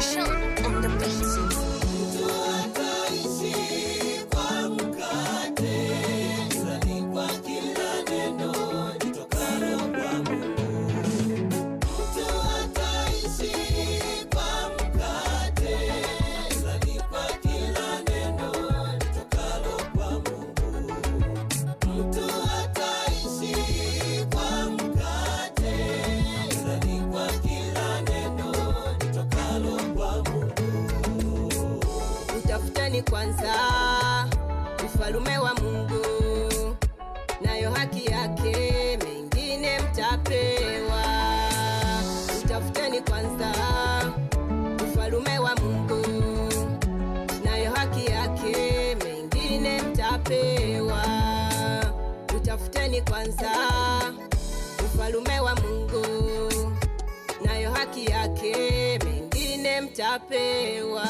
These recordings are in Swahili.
上。Jitahidi kwanza ufalume wa Mungu, nayo haki yake mengine mtapewa. Utafuteni kwanza ufalume wa Mungu, nayo haki yake mengine mtapewa. Utafuteni kwanza ufalume wa Mungu, nayo haki yake mengine mtapewa.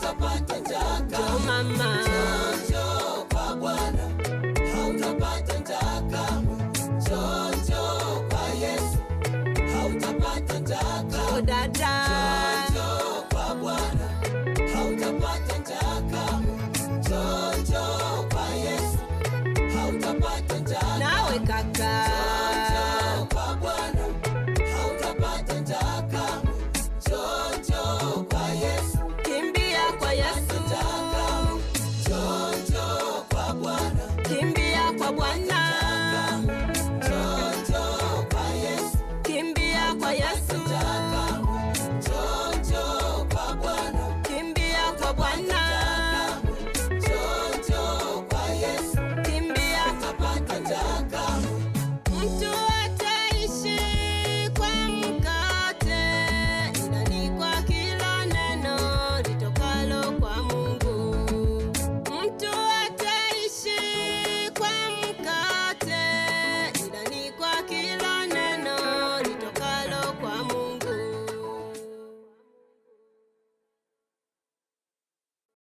hautapata jaka. Jo mama, Njoo Jo